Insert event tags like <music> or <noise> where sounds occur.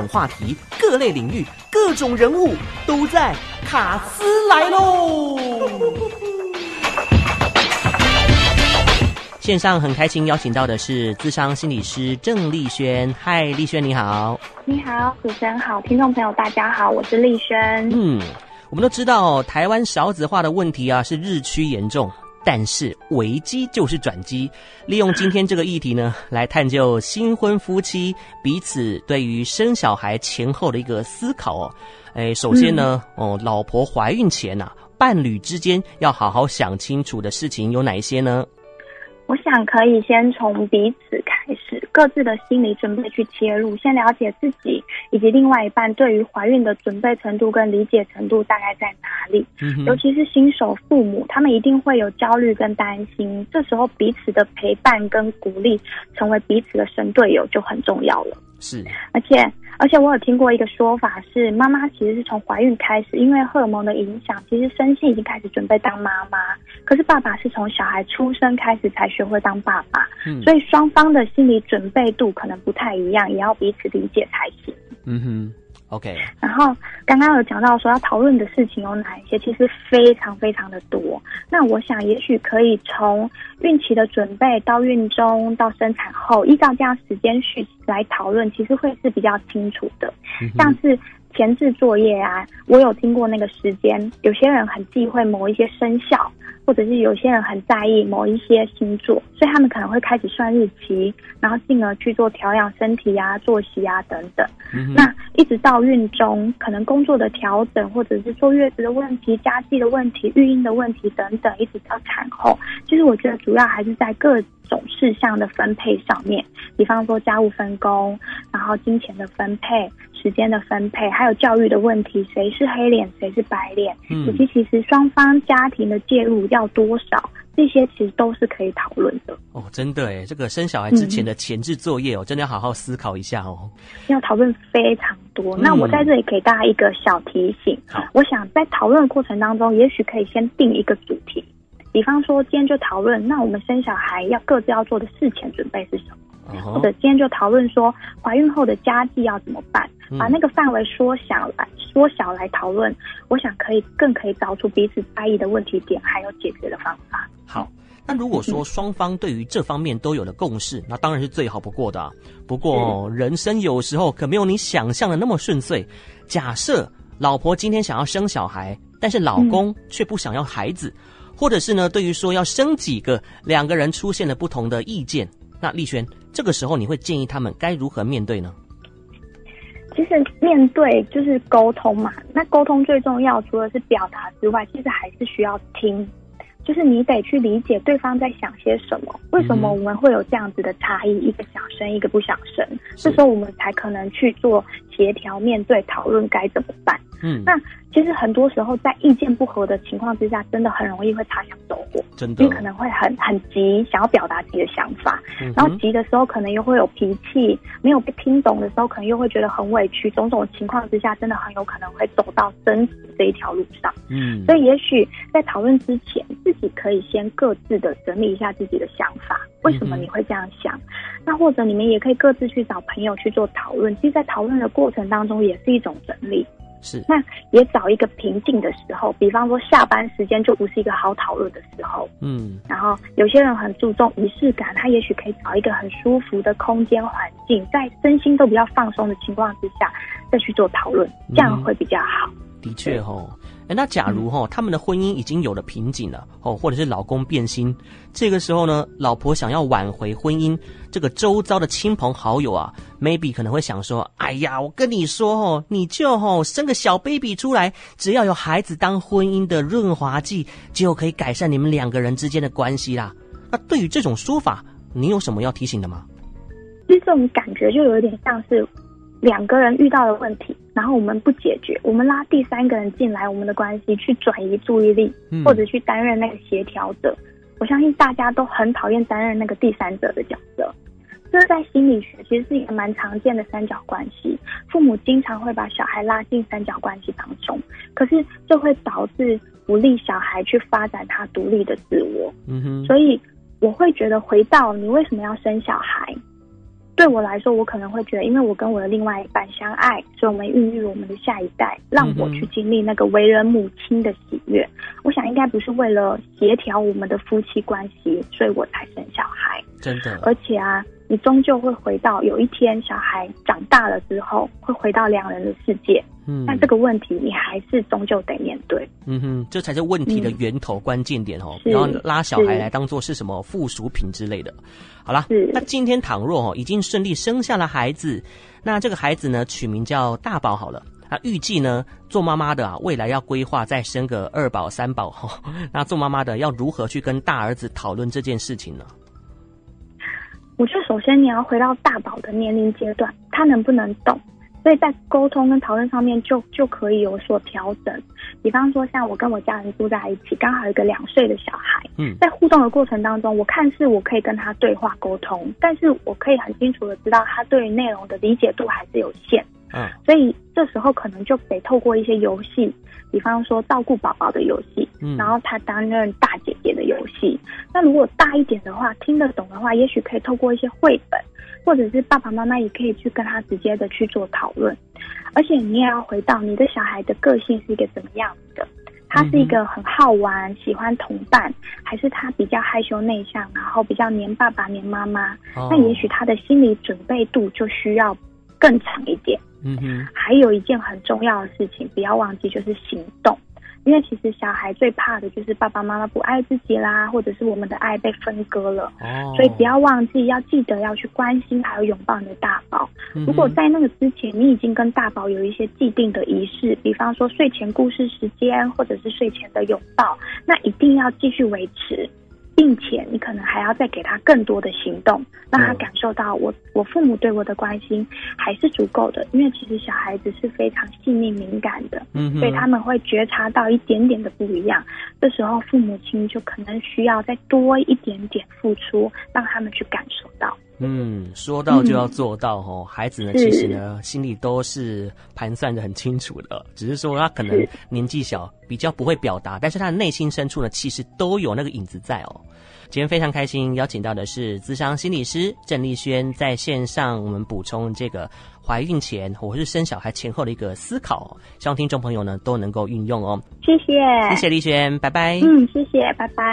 各種話題、各類領域、各種人物都在卡司來嘍！ <noise> 線上很開心邀請到的是諮商心理師鄭麗瑄。嗨，麗瑄你好！你好，主持人好，聽眾朋友大家好，我是麗瑄。嗯，我們都知道台灣少子化的問題啊是日趨嚴重。但是危機就是轉機，利用今天這個議題呢，來探究新婚夫妻彼此對於生小孩前後的一個思考哦。哎，首先呢，嗯，哦，老婆懷孕前啊，伴侶之間要好好想清楚的事情有哪一些呢？我想可以先從彼此開始，各自的心理準備去切入，先了解自己以及另外一半對於懷孕的準備程度跟理解程度大概在哪裡。嗯。尤其是新手父母，他們一定會有焦慮跟擔心，這時候彼此的陪伴跟鼓勵，成為彼此的神隊友就很重要了。是，而且。而且我有聽過一個說法是，媽媽其實是從懷孕開始，因為荷爾蒙的影響，其實身心已經開始準備當媽媽。可是爸爸是從小孩出生開始才學會當爸爸，嗯、所以雙方的心理準備度可能不太一樣，也要彼此理解才行。嗯哼。OK，然後剛剛有講到說要討論的事情有哪一些，其實非常非常的多。那我想也許可以從孕期的準備到孕中到生產後，依照這樣的時間序來討論，其實會是比較清楚的。像是前置作業啊，我有聽過那個時間，有些人很忌諱某一些生肖。或者是有些人很在意某一些星座，所以他們可能會開始算日期，然後進而去做調養身體呀、啊、作息啊等等、嗯。那一直到孕中，可能工作的調整，或者是坐月子的問題、家計的問題、育嬰的問題等等，一直到產後，其實我覺得主要還是在各種事項的分配上面，比方說家務分工，然後金錢的分配。時間的分配，還有教育的問題，誰是黑臉誰是白臉、嗯，以及其實雙方家庭的介入要多少，這些其實都是可以討論的。哦，真的耶，這個生小孩之前的前置作業哦，嗯、我真的要好好思考一下哦。要討論非常多。那我在這裡給大家一個小提醒，嗯、我想在討論的過程當中，也許可以先定一個主題，比方說今天就討論，那我們生小孩要各自要做的事前準備是什麼？或者今天就討論說懷孕後的家計要怎麼辦，把那個範圍縮小來縮小來討論，我想可以更可以找出彼此在意的問題點還有解決的方法。好，那如果說雙方對於這方面都有了共識， <laughs> 那當然是最好不過的啊。不過人生有時候可沒有你想象的那麼順遂。假設老婆今天想要生小孩，但是老公卻不想要孩子， <laughs> 或者是呢，對於說要生幾個，兩個人出現了不同的意見。那麗瑄，這個時候你會建議他們該如何面對呢？其實面對就是溝通嘛，那溝通最重要，除了是表達之外，其實還是需要聽，就是你得去理解對方在想些什麼，為什麼我們會有這樣子的差異，一個想生，一個不想生，這時候我們才可能去做。協調面對討論該怎麼辦？嗯，那其實很多時候在意見不合的情況之下，真的很容易會擦槍走火，真的。你可能會很很急，想要表達自己的想法，嗯、然後急的時候可能又會有脾氣，沒有被聽懂的時候可能又會覺得很委屈，種種情況之下，真的很有可能會走到爭執這一條路上。嗯，所以也許在討論之前，自己可以先各自的整理一下自己的想法。為什麼你會這樣想？那或者你們也可以各自去找朋友去做討論。其實，在討論的過程當中，也是一種整理。是，那也找一個平靜的時候，比方說下班時間就不是一個好討論的時候。嗯。然後有些人很注重儀式感，他也許可以找一個很舒服的空間環境，在身心都比較放鬆的情況之下，再去做討論，這樣會比較好。嗯。的確哦。欸、那假如哈，他們的婚姻已經有了瓶頸了哦，或者是老公變心，這個時候呢，老婆想要挽回婚姻，這個周遭的親朋好友啊，maybe 可能會想說，哎呀，我跟你說哦，你就哦生個小 baby 出來，只要有孩子當婚姻的潤滑劑，就可以改善你們兩個人之間的關係啦。那對於這種說法，你有什麼要提醒的嗎？其實這種感覺，就有點像是。兩個人遇到了問題，然後我們不解決，我們拉第三個人進來，我們的關係去轉移注意力，或者去擔任那個協調者。我相信大家都很討厭擔任那個第三者的角色，這在心理學其實是一個蠻常見的三角關係。父母經常會把小孩拉進三角關係當中，可是這會導致不利小孩去發展他獨立的自我。嗯哼，所以我會覺得回到你為什麼要生小孩？對我來說，我可能會覺得，因為我跟我的另外一半相愛，所以我們孕育我們的下一代，讓我去經歷那個為人母親的喜悅。我想應該不是為了協調我們的夫妻關係，所以我才生小孩。真的。而且啊，你終究會回到有一天，小孩長大了之後，會回到兩人的世界。嗯，那這個問題你還是終究得面對。嗯哼，這才是問題的源頭關鍵點哦、嗯。然後拉小孩來當做是什麼附屬品之類的。好了，那今天倘若哦已經順利生下了孩子，那這個孩子呢，取名叫大寶好了。那預計呢，做媽媽的啊未來要規劃再生個二寶三寶齁。那做媽媽的要如何去跟大兒子討論這件事情呢？我覺得首先你要回到大寶的年齡階段，他能不能懂？所以在溝通跟討論上面就就可以有所調整，比方說像我跟我家人住在一起，剛好有一個兩歲的小孩，嗯，在互動的過程當中，我看似我可以跟他對話溝通，但是我可以很清楚的知道他對內容的理解度還是有限，嗯、啊，所以這時候可能就得透過一些遊戲，比方說照顧寶寶的遊戲、嗯，然後他擔任大姐姐的遊戲，那如果大一點的話，聽得懂的話，也許可以透過一些繪本。或者是爸爸媽媽也可以去跟他直接的去做討論，而且你也要回到你的小孩的個性是一個怎麼樣的，他是一個很好玩、嗯、喜歡同伴，還是他比較害羞內向，然後比較黏爸爸、黏媽媽、哦，那也許他的心理準備度就需要更長一點。嗯嗯，還有一件很重要的事情，不要忘記就是行動。因為其實小孩最怕的就是爸爸媽媽不愛自己啦，或者是我們的愛被分割了。Oh. 所以不要忘記要記得要去關心還有擁抱你的大寶。如果在那個之前你已經跟大寶有一些既定的儀式，比方說睡前故事時間或者是睡前的擁抱，那一定要繼續維持。並且，你可能還要再給他更多的行動，讓他感受到我我父母對我的關心還是足夠的。因為其實小孩子是非常細膩敏感的，嗯，所以他們會覺察到一點點的不一樣。這時候，父母親就可能需要再多一點點付出，讓他們去感受到。嗯，說到就要做到哈。嗯，孩子呢，其實呢，心裡都是盤算得很清楚的，只是說他可能年紀小，比較不會表達，但是他的內心深處呢，其實都有那個影子在哦。今天非常開心，邀請到的是諮商心理師鄭麗瑄，在線上我們補充這個懷孕前或是生小孩前後的一個思考，希望聽眾朋友呢都能夠運用哦。謝謝，謝謝麗瑄，拜拜。嗯，謝謝，拜拜。